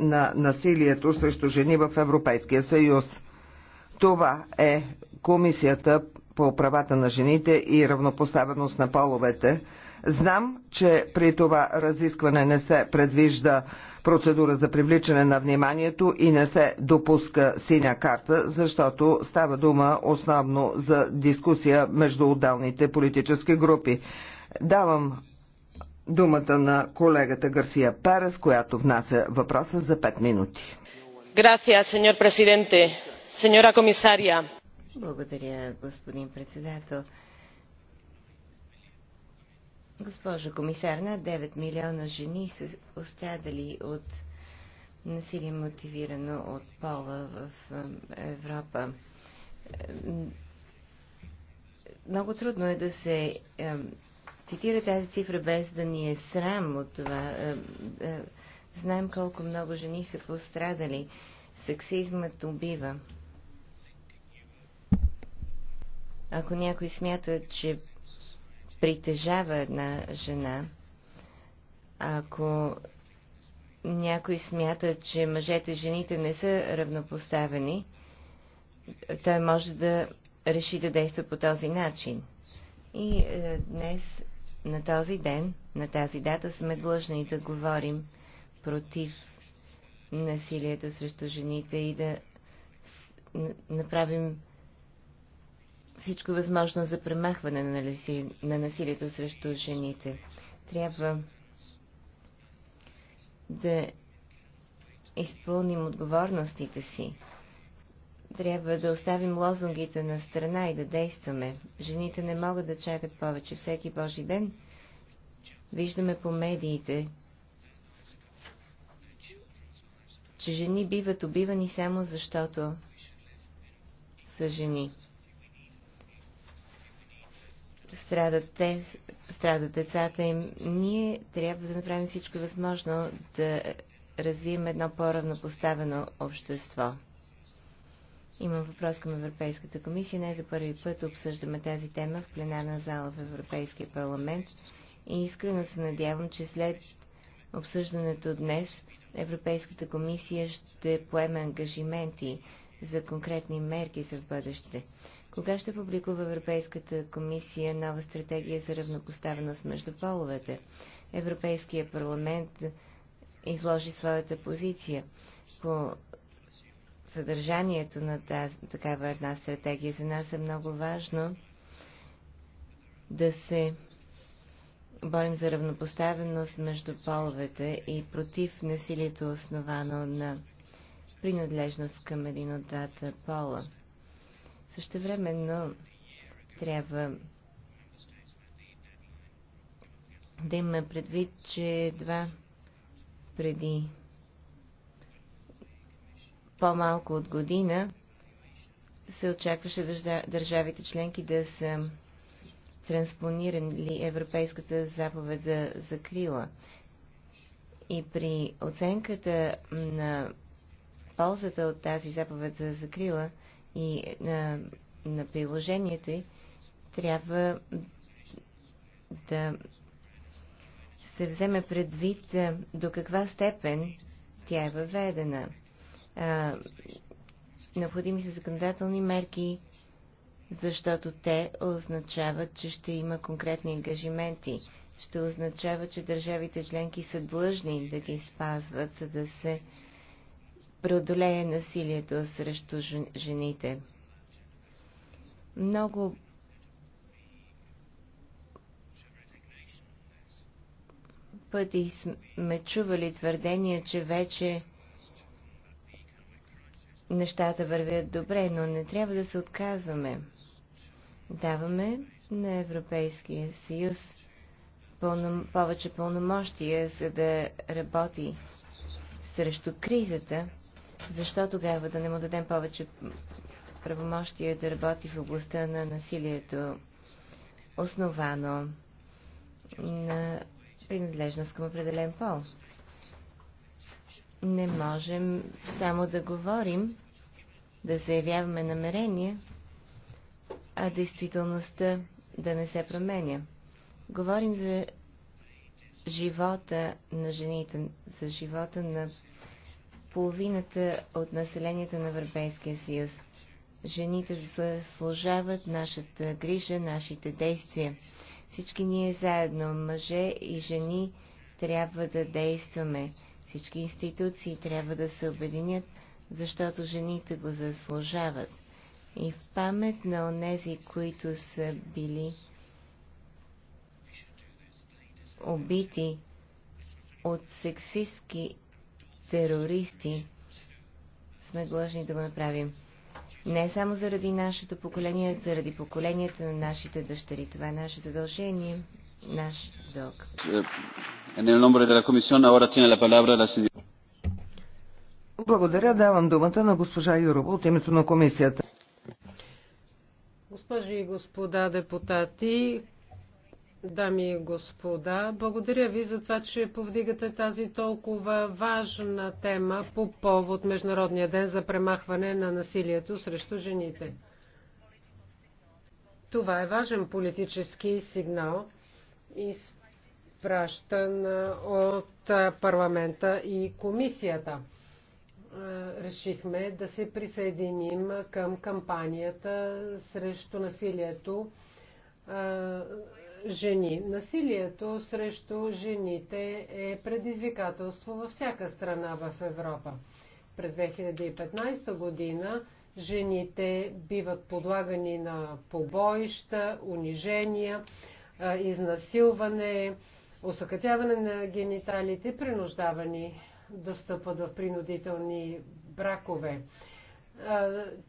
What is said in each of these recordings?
на насилието срещу жени в Европейския съюз. Това е Комисията по правата на жените и равнопоставеност на половете. Знам, че при това разискване не се предвижда процедура за привличане на вниманието и не се допуска синя карта, защото става дума основно за дискусия между отдалните политически групи. Давам думата на колегата Гарсия Перес, която внася въпроса за 5 минути. Благодаря, господин председател. Госпожо комисар, над 9 милиона жени са пострадали от насилие мотивирано от пола в Европа. Много трудно е да се цитира тази цифра без да ни е срам от това. Е, е, Знаем колко много жени са пострадали. Сексизмът убива. Ако някой смята, че притежава една жена, ако някой смята, че мъжете и жените не са равнопоставени, той може да реши да действа по този начин. И е, днес на този ден, на тази дата сме длъжни да говорим против насилието срещу жените и да направим всичко възможно за премахване на, насилието срещу жените. Трябва да изпълним отговорностите си трябва да оставим лозунгите на страна и да действаме. Жените не могат да чакат повече всеки Божи ден. Виждаме по медиите, че жени биват убивани само защото са жени. Страдат те, страдат децата им. Ние трябва да направим всичко възможно да развием едно по-равнопоставено общество. Имам въпрос към Европейската комисия. Не за първи път обсъждаме тази тема в пленарна зала в Европейския парламент и искрено се надявам, че след обсъждането днес Европейската комисия ще поеме ангажименти за конкретни мерки за в бъдеще. Кога ще публикува Европейската комисия нова стратегия за равнопоставеност между половете? Европейския парламент изложи своята позиция по съдържанието на тази, такава една стратегия. За нас е много важно да се борим за равнопоставеност между половете и против насилието основано на принадлежност към един от двата пола. Същевременно трябва да има предвид, че два преди по-малко от година се очакваше държавите членки да са транспонирали Европейската заповед за закрила. И при оценката на ползата от тази заповед за закрила и на, на приложението й, трябва да се вземе предвид до каква степен тя е въведена – а, е, необходими са законодателни мерки, защото те означават, че ще има конкретни ангажименти. Ще означава, че държавите членки са длъжни да ги спазват, за да се преодолее насилието срещу жените. Много пъти сме чували твърдения, че вече нещата вървят добре, но не трябва да се отказваме. Даваме на Европейския съюз пълно, повече пълномощия, за да работи срещу кризата, защо тогава да не му дадем повече правомощия да работи в областта на насилието, основано на принадлежност към определен пол? не можем само да говорим, да заявяваме намерения, а действителността да не се променя. Говорим за живота на жените, за живота на половината от населението на Европейския съюз. Жените заслужават нашата грижа, нашите действия. Всички ние заедно, мъже и жени, трябва да действаме. Всички институции трябва да се обединят, защото жените го заслужават. И в памет на онези, които са били убити от сексистски терористи, сме длъжни да го направим. Не само заради нашето поколение, заради поколението на нашите дъщери. Това е наше задължение, наш дълг. Е, благодаря. Давам думата на госпожа Юрова от името на комисията. Госпожи и господа депутати, дами и господа, благодаря ви за това, че повдигате тази толкова важна тема по повод Международния ден за премахване на насилието срещу жените. Това е важен политически сигнал и изпращан от парламента и комисията. Решихме да се присъединим към кампанията срещу насилието жени. Насилието срещу жените е предизвикателство във всяка страна в Европа. През 2015 година жените биват подлагани на побоища, унижения, изнасилване, Осъкътяване на гениталите, принуждавани да встъпват в принудителни бракове.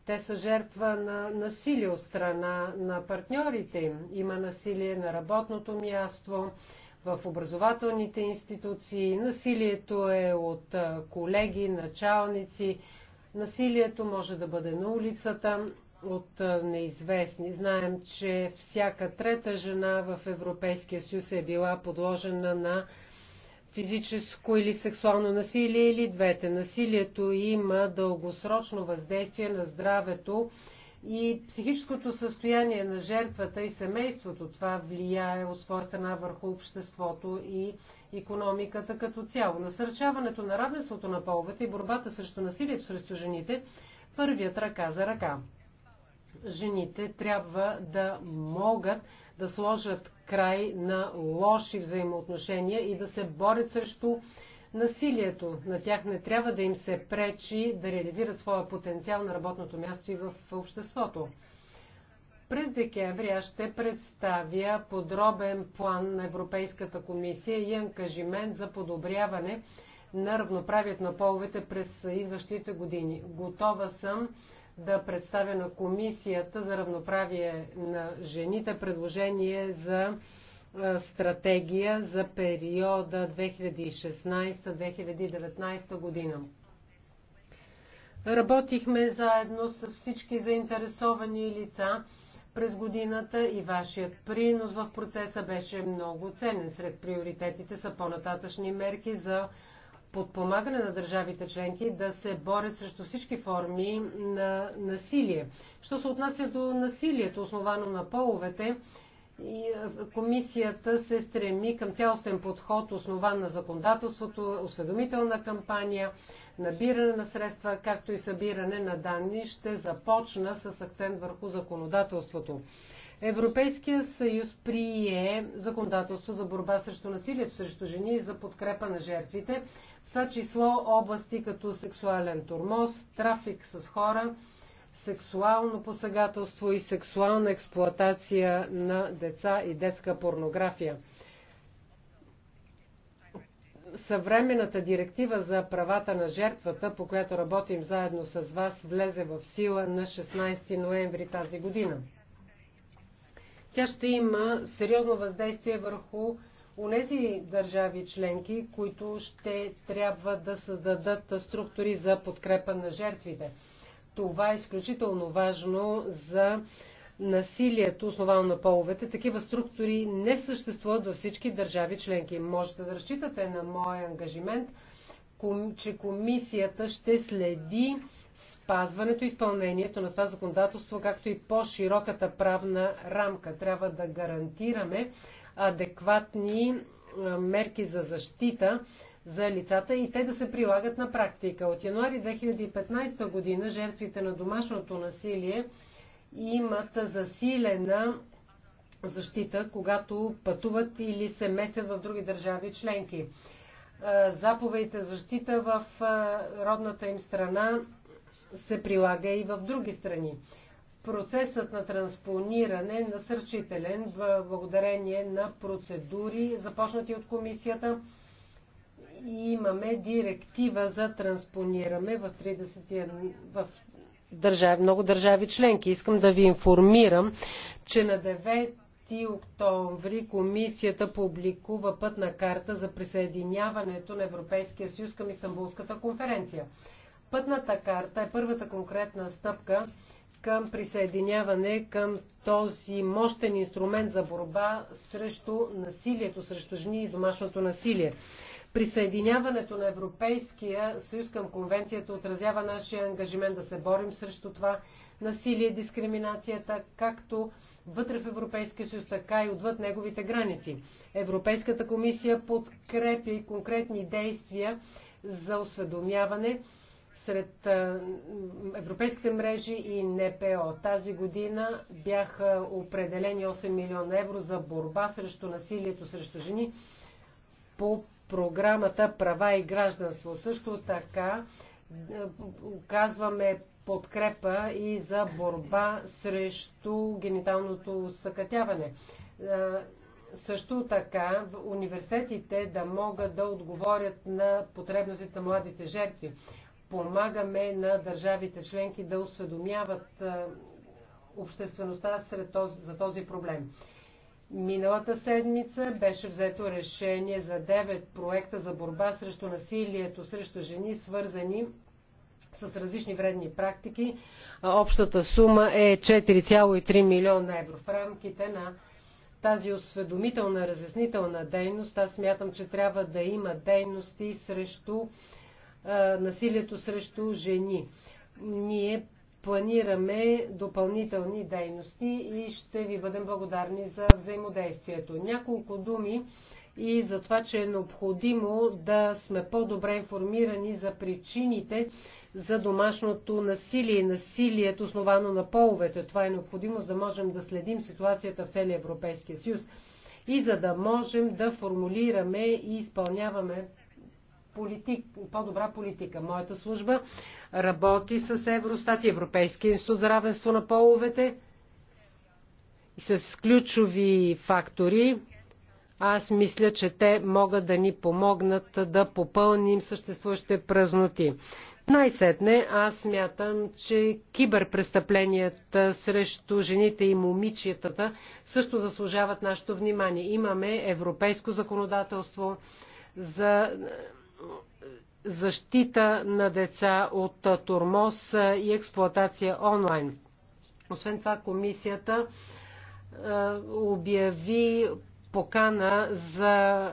Те са жертва на насилие от страна на партньорите им. Има насилие на работното място, в образователните институции. Насилието е от колеги, началници. Насилието може да бъде на улицата от неизвестни. Знаем, че всяка трета жена в Европейския съюз е била подложена на физическо или сексуално насилие или двете. Насилието има дългосрочно въздействие на здравето и психическото състояние на жертвата и семейството. Това влияе от своя страна върху обществото и економиката като цяло. Насърчаването на равенството на половете и борбата срещу насилието срещу жените първият ръка за ръка жените трябва да могат да сложат край на лоши взаимоотношения и да се борят срещу насилието. На тях не трябва да им се пречи да реализират своя потенциал на работното място и в обществото. През декември аз ще представя подробен план на Европейската комисия и ангажимент за подобряване на равноправието на половете през идващите години. Готова съм да представя на Комисията за равноправие на жените предложение за стратегия за периода 2016-2019 година. Работихме заедно с всички заинтересовани лица през годината и вашият принос в процеса беше много ценен. Сред приоритетите са по-нататъчни мерки за подпомагане на държавите членки да се борят срещу всички форми на насилие. Що се отнася до насилието, основано на половете, е, комисията се стреми към цялостен подход, основан на законодателството, осведомителна кампания, набиране на средства, както и събиране на данни, ще започна с акцент върху законодателството. Европейския съюз прие законодателство за борба срещу насилието срещу жени и за подкрепа на жертвите, в това число области като сексуален турмоз, трафик с хора, сексуално посегателство и сексуална експлоатация на деца и детска порнография. Съвременната директива за правата на жертвата, по която работим заедно с вас, влезе в сила на 16 ноември тази година тя ще има сериозно въздействие върху унези държави членки, които ще трябва да създадат структури за подкрепа на жертвите. Това е изключително важно за насилието, основано на половете. Такива структури не съществуват във всички държави членки. Можете да разчитате на моя ангажимент, че комисията ще следи спазването и изпълнението на това законодателство, както и по-широката правна рамка. Трябва да гарантираме адекватни е, мерки за защита за лицата и те да се прилагат на практика. От януари 2015 година жертвите на домашното насилие имат засилена защита, когато пътуват или се месят в други държави членки. Е, заповедите защита в е, родната им страна се прилага и в други страни. Процесът на транспониране е насърчителен благодарение на процедури, започнати от комисията. И имаме директива за транспониране в 31 в държави, много държави членки. Искам да ви информирам, че на 9 октомври комисията публикува пътна карта за присъединяването на Европейския съюз към Истанбулската конференция. Пътната карта е първата конкретна стъпка към присъединяване към този мощен инструмент за борба срещу насилието, срещу жени и домашното насилие. Присъединяването на Европейския съюз към конвенцията отразява нашия ангажимент да се борим срещу това насилие, дискриминацията, както вътре в Европейския съюз, така и отвъд неговите граници. Европейската комисия подкрепи конкретни действия за осведомяване сред европейските мрежи и НПО. Тази година бяха определени 8 милиона евро за борба срещу насилието срещу жени по програмата Права и гражданство. Също така оказваме подкрепа и за борба срещу гениталното съкътяване. Също така университетите да могат да отговорят на потребностите на младите жертви помагаме на държавите членки да осведомяват обществеността сред този, за този проблем. Миналата седмица беше взето решение за 9 проекта за борба срещу насилието срещу жени, свързани с различни вредни практики. Общата сума е 4,3 милиона евро. В рамките на тази осведомителна, разяснителна дейност, аз смятам, че трябва да има дейности срещу насилието срещу жени. Ние планираме допълнителни дейности и ще ви бъдем благодарни за взаимодействието. Няколко думи и за това, че е необходимо да сме по-добре информирани за причините за домашното насилие и насилието основано на половете. Това е необходимо, за да можем да следим ситуацията в целия Европейския съюз и за да можем да формулираме и изпълняваме политик, по-добра политика. Моята служба работи с Евростат и Европейския институт за равенство на половете и с ключови фактори. Аз мисля, че те могат да ни помогнат да попълним съществуващите празноти. Най-сетне аз смятам, че киберпрестъпленията срещу жените и момичетата също заслужават нашето внимание. Имаме европейско законодателство за защита на деца от турмоз и експлоатация онлайн. Освен това, комисията е, обяви покана за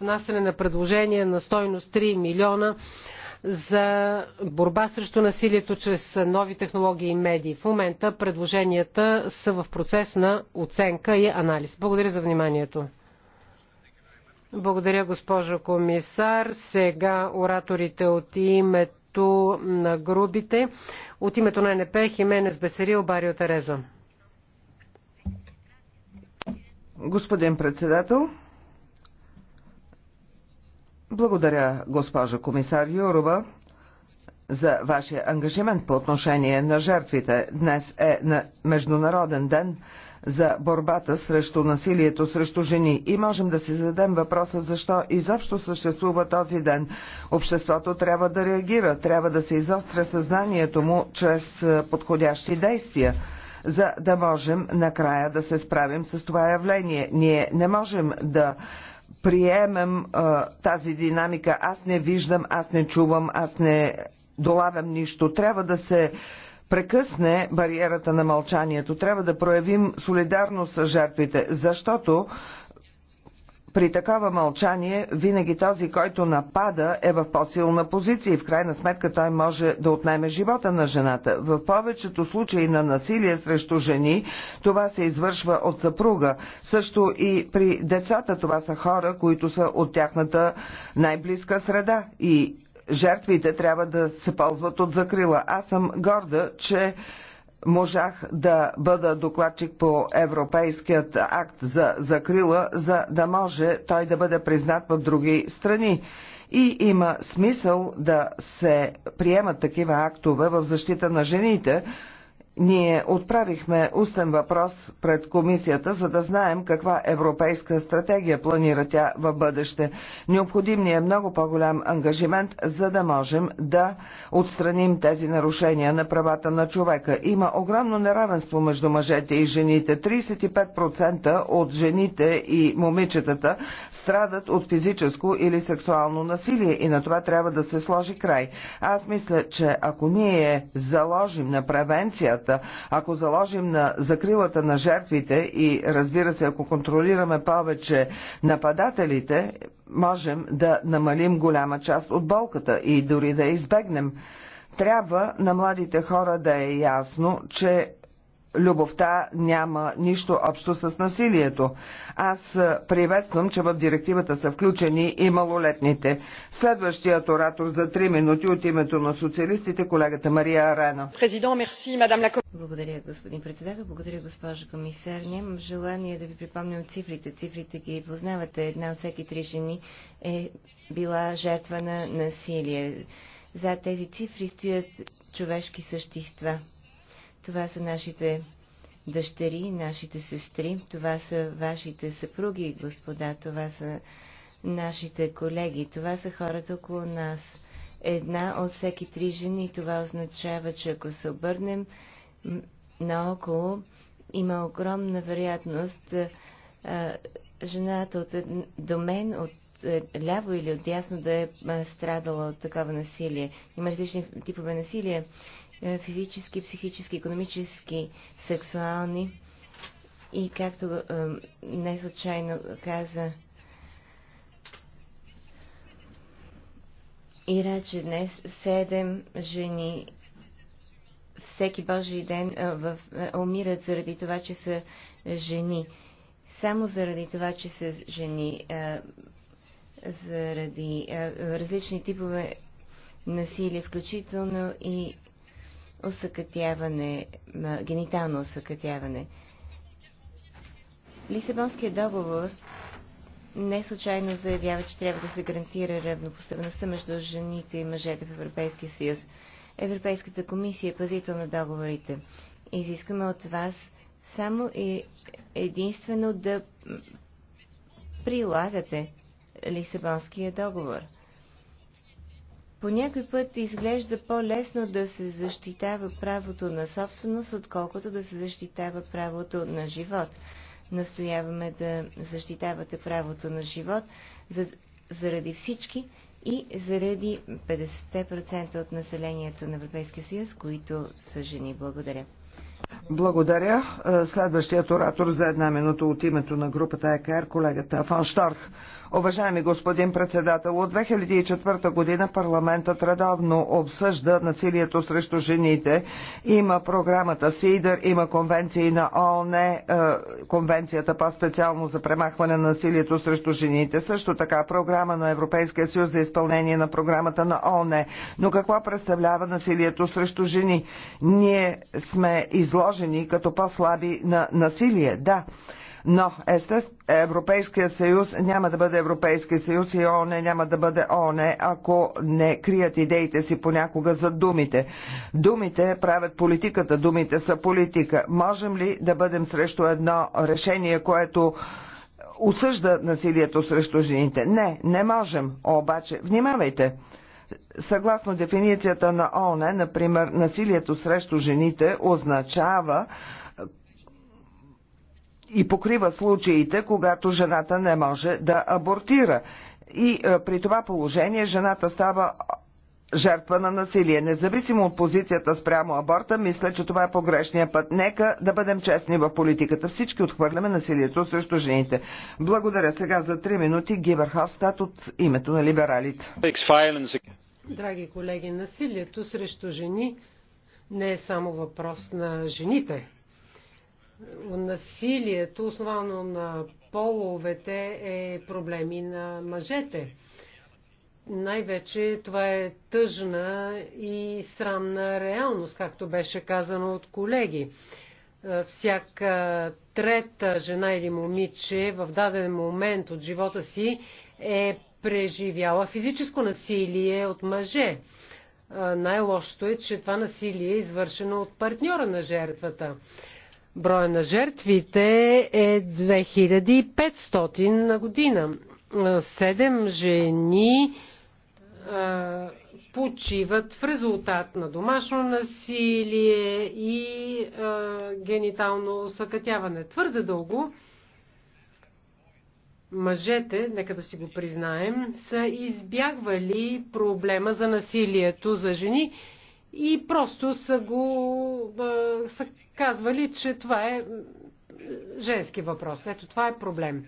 внасяне на предложение на стойност 3 милиона за борба срещу насилието чрез нови технологии и медии. В момента предложенията са в процес на оценка и анализ. Благодаря за вниманието. Благодаря, госпожо комисар. Сега ораторите от името на грубите. От името на НП Хименес Бесерил Барио Тереза. Господин председател, благодаря, госпожа комисар Юрова, за вашия ангажимент по отношение на жертвите. Днес е на Международен ден за борбата срещу насилието срещу жени. И можем да си зададем въпроса защо изобщо съществува този ден. Обществото трябва да реагира, трябва да се изостря съзнанието му чрез подходящи действия за да можем накрая да се справим с това явление. Ние не можем да приемем а, тази динамика. Аз не виждам, аз не чувам, аз не долавям нищо. Трябва да се прекъсне бариерата на мълчанието. Трябва да проявим солидарност с жертвите, защото при такова мълчание винаги този, който напада, е в по-силна позиция и в крайна сметка той може да отнеме живота на жената. В повечето случаи на насилие срещу жени това се извършва от съпруга. Също и при децата това са хора, които са от тяхната най-близка среда и жертвите трябва да се ползват от закрила. Аз съм горда, че можах да бъда докладчик по Европейският акт за закрила, за да може той да бъде признат в други страни. И има смисъл да се приемат такива актове в защита на жените, ние отправихме устен въпрос пред комисията, за да знаем каква европейска стратегия планира тя в бъдеще. Необходим ни е много по-голям ангажимент, за да можем да отстраним тези нарушения на правата на човека. Има огромно неравенство между мъжете и жените. 35% от жените и момичетата страдат от физическо или сексуално насилие и на това трябва да се сложи край. Аз мисля, че ако ние заложим на превенцията, жертвата. Ако заложим на закрилата на жертвите и разбира се, ако контролираме повече нападателите, можем да намалим голяма част от болката и дори да избегнем. Трябва на младите хора да е ясно, че любовта няма нищо общо с насилието. Аз е, приветствам, че в директивата са включени и малолетните. Следващият оратор за 3 минути от името на социалистите, колегата Мария Арена. Благодаря, господин председател. Благодаря, госпожа комисар. Нямам желание да ви припомням цифрите. Цифрите ги познавате. Една от всеки три жени е била жертва на насилие. За тези цифри стоят човешки същества. Това са нашите дъщери, нашите сестри, това са вашите съпруги, господа, това са нашите колеги, това са хората около нас. Една от всеки три жени, това означава, че ако се обърнем наоколо, има огромна вероятност жената от, до мен, от е, ляво или от дясно да е страдала от такова насилие. Има различни типове насилие е, физически, психически, економически, сексуални. И както е, не случайно каза Ира, че днес седем жени всеки Божий ден е, в, е, умират заради това, че са жени. Само заради това, че са жени. Е, заради е, различни типове насилие, включително и осъкътяване, генитално осъкътяване. Лисабонският договор не случайно заявява, че трябва да се гарантира равнопоставеността между жените и мъжете в Европейския съюз. Европейската комисия е пазител на договорите. Изискаме от вас само и единствено да прилагате Лисабонския договор – по някой път изглежда по-лесно да се защитава правото на собственост, отколкото да се защитава правото на живот. Настояваме да защитавате правото на живот за, заради всички и заради 50% от населението на Европейския съюз, които са жени. Благодаря. Благодаря. Следващият оратор за една минута от името на групата ЕКР, колегата Фан Штарх. Уважаеми господин председател, от 2004 година парламентът редовно обсъжда насилието срещу жените. Има програмата СИДър, има конвенции на ООН, е, конвенцията по-специално за премахване на насилието срещу жените, също така програма на Европейския съюз за изпълнение на програмата на ООН. Но какво представлява насилието срещу жени? Ние сме изложени като по-слаби на насилие, да. Но естествено Европейския съюз няма да бъде Европейски съюз и ООН няма да бъде ООН, ако не крият идеите си понякога за думите. Думите правят политиката, думите са политика. Можем ли да бъдем срещу едно решение, което осъжда насилието срещу жените? Не, не можем. Обаче, внимавайте. Съгласно дефиницията на ООН, например, насилието срещу жените означава и покрива случаите, когато жената не може да абортира. И е, при това положение жената става жертва на насилие. Независимо от позицията спрямо аборта, мисля, че това е погрешния път. Нека да бъдем честни в политиката. Всички отхвърляме насилието срещу жените. Благодаря сега за 3 минути Гибър Хавстат от името на либералите. Драги колеги, насилието срещу жени не е само въпрос на жените насилието, основано на половете, е проблеми на мъжете. Най-вече това е тъжна и срамна реалност, както беше казано от колеги. Е, всяка трета жена или момиче в даден момент от живота си е преживяла физическо насилие от мъже. Е, най-лошото е, че това насилие е извършено от партньора на жертвата. Броя на жертвите е 2500 на година. Седем жени а, почиват в резултат на домашно насилие и а, генитално съкътяване. Твърде дълго мъжете, нека да си го признаем, са избягвали проблема за насилието за жени и просто са го са казвали, че това е женски въпрос. Ето това е проблем.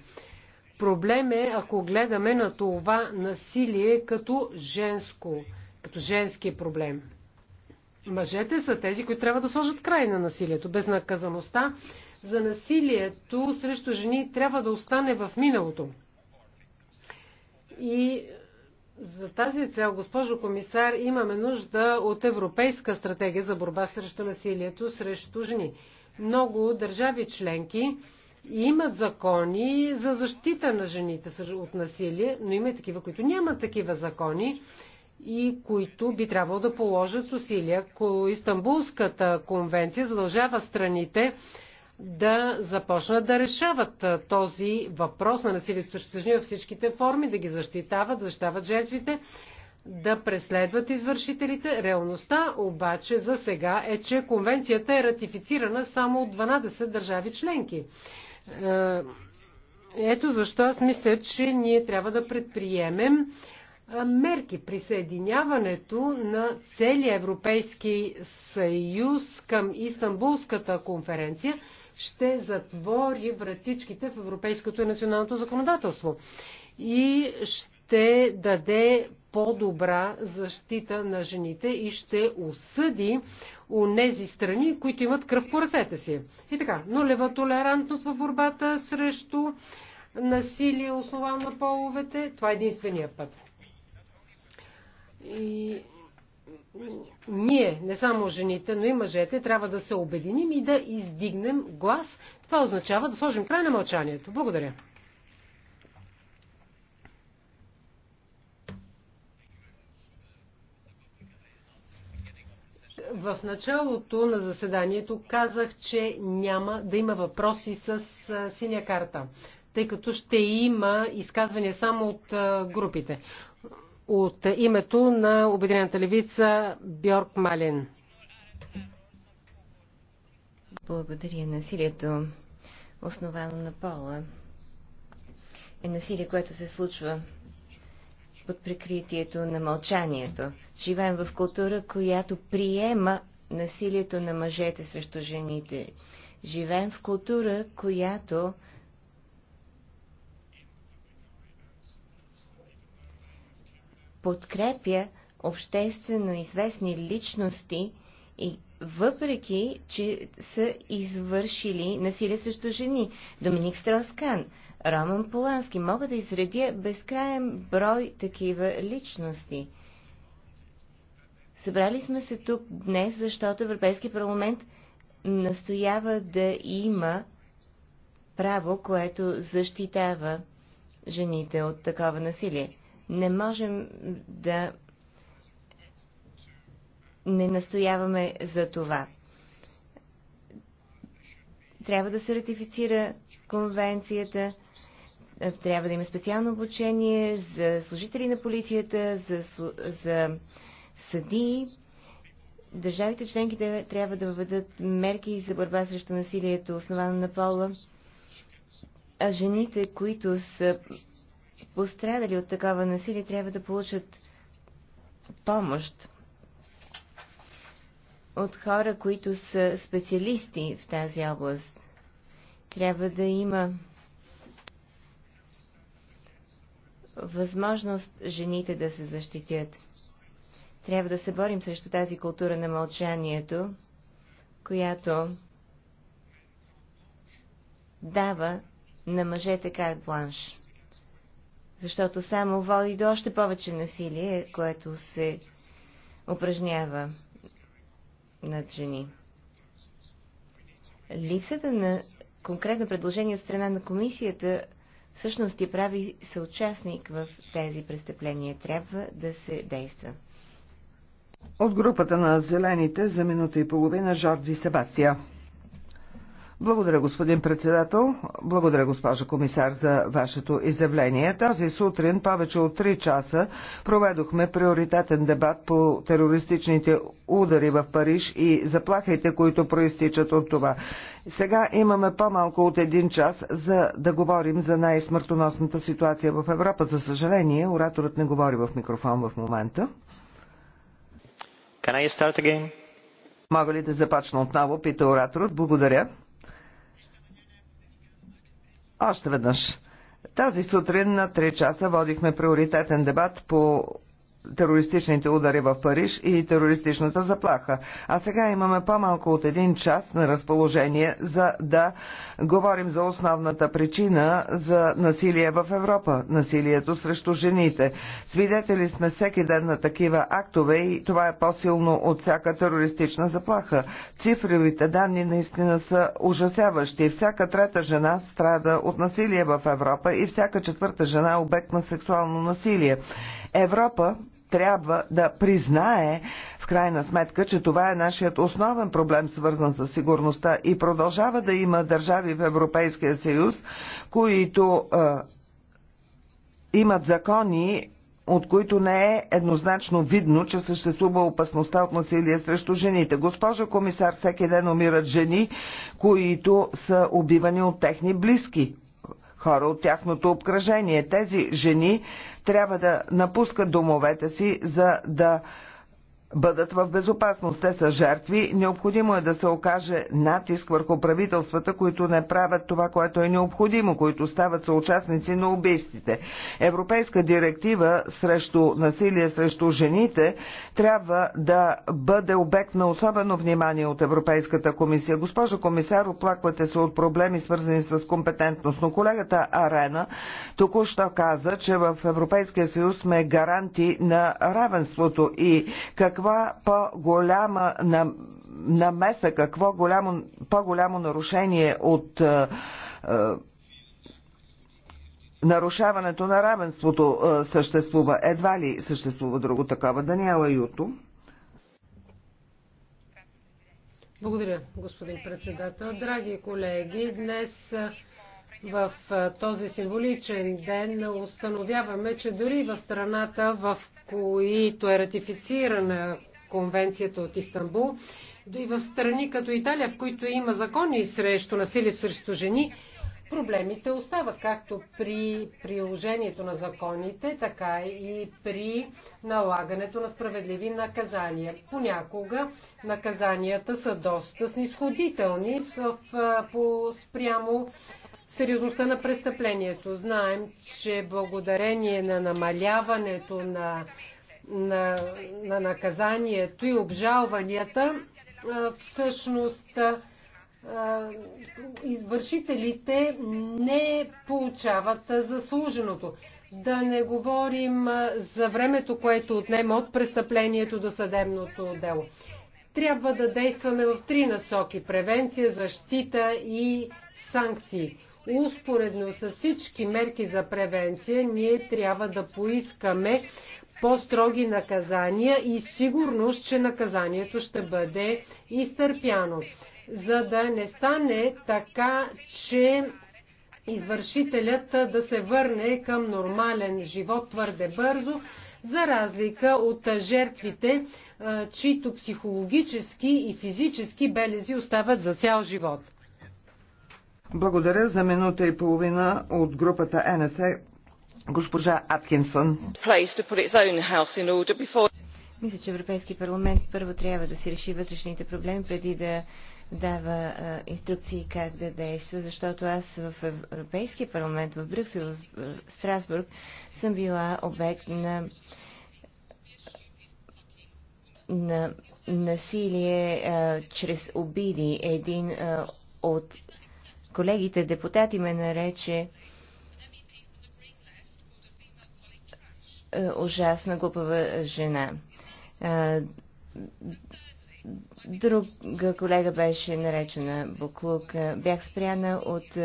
Проблем е, ако гледаме на това насилие като женско, като женски проблем. Мъжете са тези, които трябва да сложат край на насилието. Безнаказаността за насилието срещу жени трябва да остане в миналото. И за тази цел, госпожо комисар, имаме нужда от европейска стратегия за борба срещу насилието срещу жени. Много държави членки имат закони за защита на жените от насилие, но има и такива, които нямат такива закони и които би трябвало да положат усилия. Истанбулската конвенция задължава страните да започнат да решават този въпрос на насилието срещу жени във всичките форми, да ги защитават, защитават жертвите, да преследват извършителите. Реалността обаче за сега е, че конвенцията е ратифицирана само от 12 държави членки. Ето защо аз мисля, че ние трябва да предприемем мерки. Присъединяването на целия Европейски съюз към Истанбулската конференция – ще затвори вратичките в европейското и националното законодателство и ще даде по-добра защита на жените и ще осъди у нези страни, които имат кръв по ръцете си. И така, нулева толерантност в борбата срещу насилие, основа на половете, това е единствения път. И ние, не само жените, но и мъжете, трябва да се обединим и да издигнем глас. Това означава да сложим край на мълчанието. Благодаря. В началото на заседанието казах, че няма да има въпроси с синя карта, тъй като ще има изказвания само от групите от името на Обединената левица Бьорк Малин. Благодаря. Насилието, основано на пола, е насилие, което се случва под прикритието на мълчанието. Живеем в култура, която приема насилието на мъжете срещу жените. Живеем в култура, която подкрепя обществено известни личности и въпреки, че са извършили насилие срещу жени. Доминик Строскан, Роман Полански. Мога да изредя безкраен брой такива личности. Събрали сме се тук днес, защото Европейски парламент настоява да има право, което защитава жените от такова насилие. Не можем да не настояваме за това. Трябва да се ратифицира конвенцията, трябва да има специално обучение за служители на полицията, за, за съдии. Държавите членки трябва да въведат мерки за борба срещу насилието, основано на пола. А жените, които са пострадали от такова насилие, трябва да получат помощ от хора, които са специалисти в тази област. Трябва да има възможност жените да се защитят. Трябва да се борим срещу тази култура на мълчанието, която дава на мъжете карт бланш защото само води до още повече насилие, което се упражнява над жени. Липсата на конкретно предложение от страна на комисията всъщност и прави съучастник в тези престъпления. Трябва да се действа. От групата на зелените за минута и половина Жорди Себастия. Благодаря, господин председател. Благодаря, госпожа комисар, за вашето изявление. Тази сутрин, повече от 3 часа, проведохме приоритетен дебат по терористичните удари в Париж и заплахите, които проистичат от това. Сега имаме по-малко от един час, за да говорим за най-смъртоносната ситуация в Европа. За съжаление, ораторът не говори в микрофон в момента. Can I start again? Мога ли да започна отново, пита ораторът. Благодаря. Още веднъж. Тази сутрин на 3 часа водихме приоритетен дебат по терористичните удари в Париж и терористичната заплаха. А сега имаме по-малко от един час на разположение, за да говорим за основната причина за насилие в Европа – насилието срещу жените. Свидетели сме всеки ден на такива актове и това е по-силно от всяка терористична заплаха. Цифровите данни наистина са ужасяващи. Всяка трета жена страда от насилие в Европа и всяка четвърта жена е обект на сексуално насилие. Европа трябва да признае в крайна сметка, че това е нашият основен проблем, свързан с сигурността и продължава да има държави в Европейския съюз, които е, имат закони, от които не е еднозначно видно, че съществува опасността от насилие срещу жените. Госпожа комисар, всеки ден умират жени, които са убивани от техни близки хора от тяхното обкръжение. Тези жени трябва да напускат домовете си, за да бъдат в безопасност. Те са жертви. Необходимо е да се окаже натиск върху правителствата, които не правят това, което е необходимо, които стават съучастници на убийстите. Европейска директива срещу насилие срещу жените трябва да бъде обект на особено внимание от Европейската комисия. Госпожо комисар, оплаквате се от проблеми свързани с компетентност, но колегата Арена току-що каза, че в Европейския съюз сме гаранти на равенството и как каква по-голяма намеса, какво голямо, по-голямо нарушение от е, е, нарушаването на равенството е, съществува. Едва ли съществува друго такова. Даниела Юто. Благодаря, господин председател. Драги колеги, днес в този символичен ден установяваме, че дори в страната, в които е ратифицирана конвенцията от Истанбул, и в страни като Италия, в които има закони срещу насилие срещу жени, проблемите остават както при приложението на законите, така и при налагането на справедливи наказания. Понякога наказанията са доста снисходителни в, в, по, спрямо сериозността на престъплението. Знаем, че благодарение на намаляването на, на, на наказанието и обжалванията, всъщност извършителите не получават заслуженото. Да не говорим за времето, което отнема от престъплението до съдебното дело. Трябва да действаме в три насоки – превенция, защита и санкции. И успоредно с всички мерки за превенция, ние трябва да поискаме по-строги наказания и сигурност, че наказанието ще бъде изтърпяно, за да не стане така, че извършителят да се върне към нормален живот твърде бързо, за разлика от жертвите, чието психологически и физически белези остават за цял живот. Благодаря за минута и половина от групата НСА. госпожа Аткинсън. Мисля, че Европейски парламент първо трябва да си реши вътрешните проблеми, преди да дава а, инструкции как да действа, защото аз в Европейския парламент, в Брюксел, в Страсбург, съм била обект на, на насилие а, чрез обиди. Един а, от колегите депутати ме нарече е, ужасна глупава жена. Е, друга колега беше наречена Буклук. Е, бях спряна от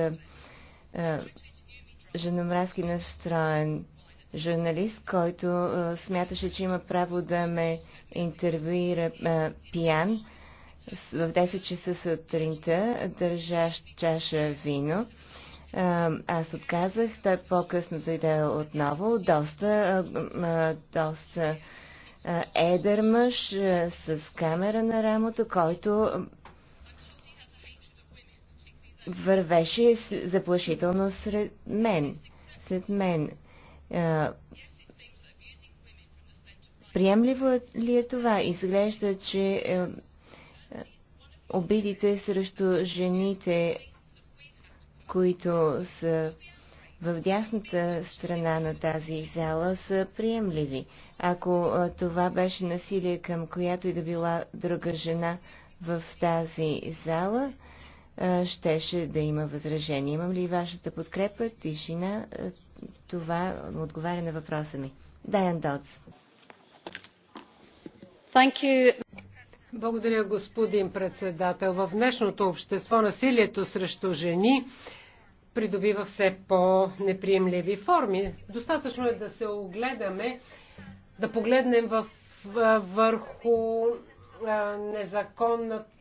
женомразки настроен журналист, който смяташе, че има право да ме интервюира пиян в 10 часа сутринта, държащ чаша вино. Аз отказах, той по-късно дойде отново, доста, доста едър мъж с камера на рамото, който вървеше заплашително сред мен. След мен. Приемливо ли е това? Изглежда, че обидите срещу жените, които са в дясната страна на тази зала, са приемливи. Ако това беше насилие към която и да била друга жена в тази зала, щеше да има възражение. Имам ли вашата подкрепа, тишина? Това отговаря на въпроса ми. Дайан Додс. Благодаря, господин председател. В днешното общество насилието срещу жени придобива все по-неприемливи форми. Достатъчно е да се огледаме, да погледнем в, върху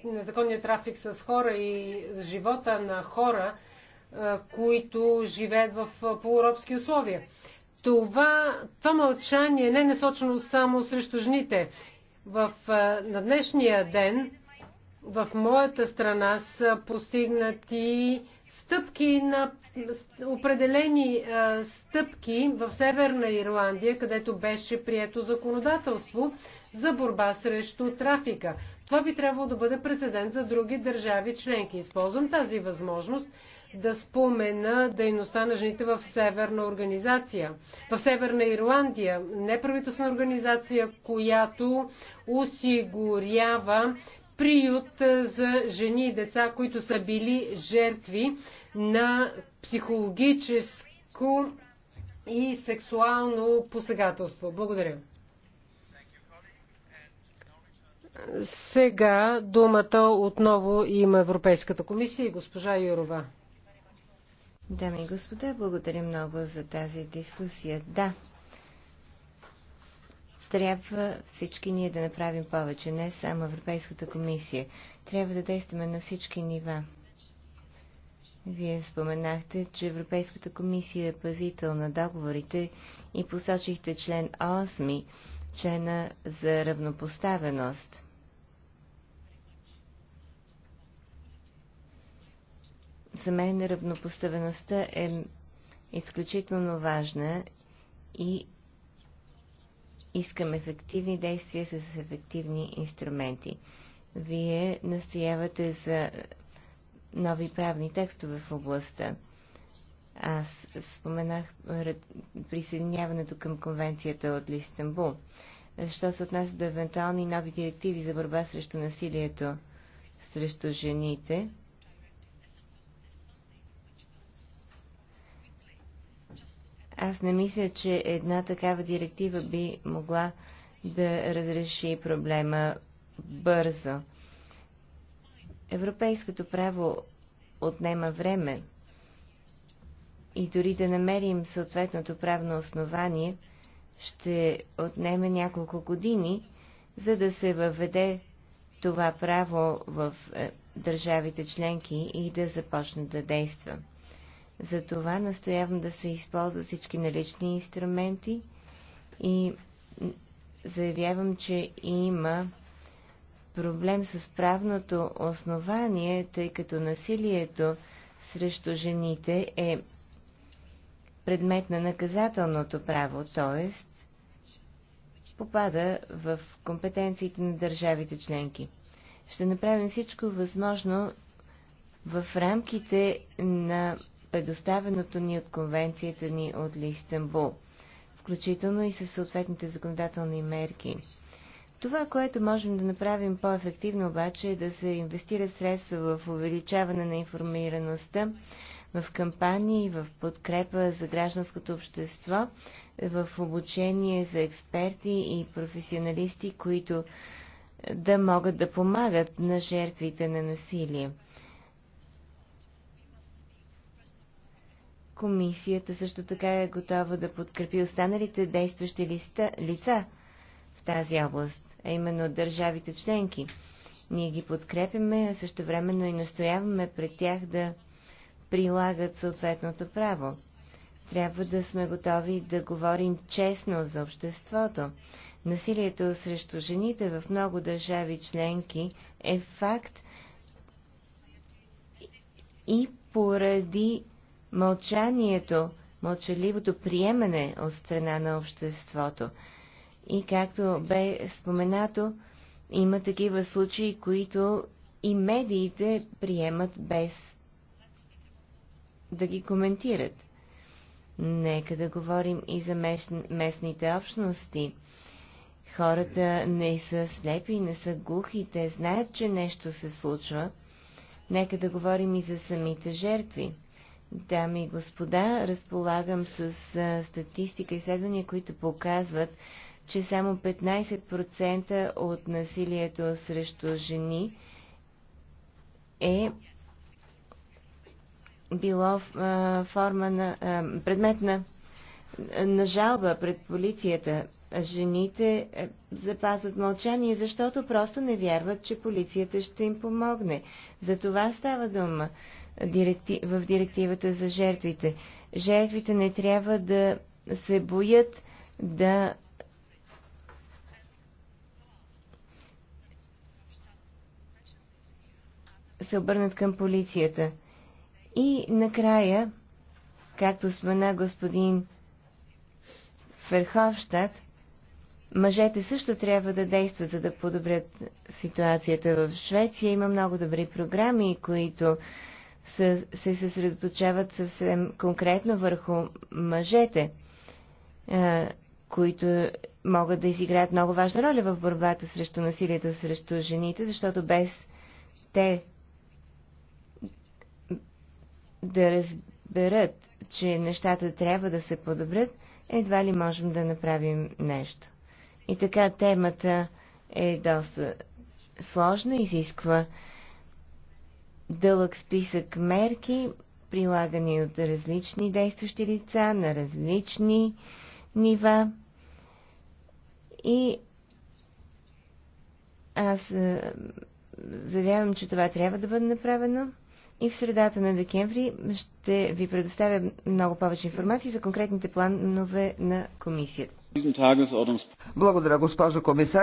незаконния трафик с хора и живота на хора, които живеят в полуробски условия. Това, това мълчание не е насочено само срещу жените. В, на днешния ден в моята страна са постигнати стъпки на определени стъпки в Северна Ирландия, където беше прието законодателство за борба срещу трафика. Това би трябвало да бъде прецедент за други държави членки. Използвам тази възможност да спомена дейността на жените в Северна организация. В Северна Ирландия, неправителствена организация, която осигурява приют за жени и деца, които са били жертви на психологическо и сексуално посегателство. Благодаря. Сега думата отново има Европейската комисия и госпожа Юрова. Дами и господа, благодаря много за тази дискусия. Да, трябва всички ние да направим повече, не само Европейската комисия. Трябва да действаме на всички нива. Вие споменахте, че Европейската комисия е пазител на договорите и посочихте член 8 члена за равнопоставеност. За мен равнопоставеността е изключително важна и искам ефективни действия с ефективни инструменти. Вие настоявате за нови правни текстове в областта. Аз споменах присъединяването към конвенцията от Листанбул. Що се отнася до евентуални нови директиви за борба срещу насилието срещу жените, аз не мисля, че една такава директива би могла да разреши проблема бързо. Европейското право отнема време и дори да намерим съответното правно основание, ще отнеме няколко години, за да се въведе това право в е, държавите членки и да започне да действа. Затова настоявам да се използва всички налични инструменти и заявявам, че има проблем с правното основание, тъй като насилието срещу жените е предмет на наказателното право, т.е. попада в компетенциите на държавите членки. Ще направим всичко възможно в рамките на предоставеното ни от конвенцията ни от Листанбул, включително и със съответните законодателни мерки. Това, което можем да направим по-ефективно обаче е да се инвестира средства в увеличаване на информираността в кампании, в подкрепа за гражданското общество, в обучение за експерти и професионалисти, които да могат да помагат на жертвите на насилие. Комисията също така е готова да подкрепи останалите действащи листа, лица в тази област, а именно държавите членки. Ние ги подкрепяме, а също времено и настояваме пред тях да прилагат съответното право. Трябва да сме готови да говорим честно за обществото. Насилието срещу жените в много държави членки е факт и поради мълчанието, мълчаливото приемане от страна на обществото. И както бе споменато, има такива случаи, които и медиите приемат без да ги коментират. Нека да говорим и за местните общности. Хората не са слепи, не са глухи, те знаят, че нещо се случва. Нека да говорим и за самите жертви. Дами и господа, разполагам с статистика и изследвания, които показват, че само 15% от насилието срещу жени е било форма на, предмет на, на жалба пред полицията. Жените запазват мълчание, защото просто не вярват, че полицията ще им помогне. За това става дума в директивата за жертвите. Жертвите не трябва да се боят да се обърнат към полицията. И накрая, както спомена господин Ферховщад, мъжете също трябва да действат, за да подобрят ситуацията в Швеция. Има много добри програми, които се съсредоточават съвсем конкретно върху мъжете, които могат да изиграят много важна роля в борбата срещу насилието срещу жените, защото без те да разберат, че нещата трябва да се подобрят, едва ли можем да направим нещо. И така темата е доста сложна, изисква дълъг списък мерки, прилагани от различни действащи лица на различни нива. И аз заявявам, че това трябва да бъде направено. И в средата на декември ще ви предоставя много повече информация за конкретните планове на комисията. Благодаря, госпожо комисар.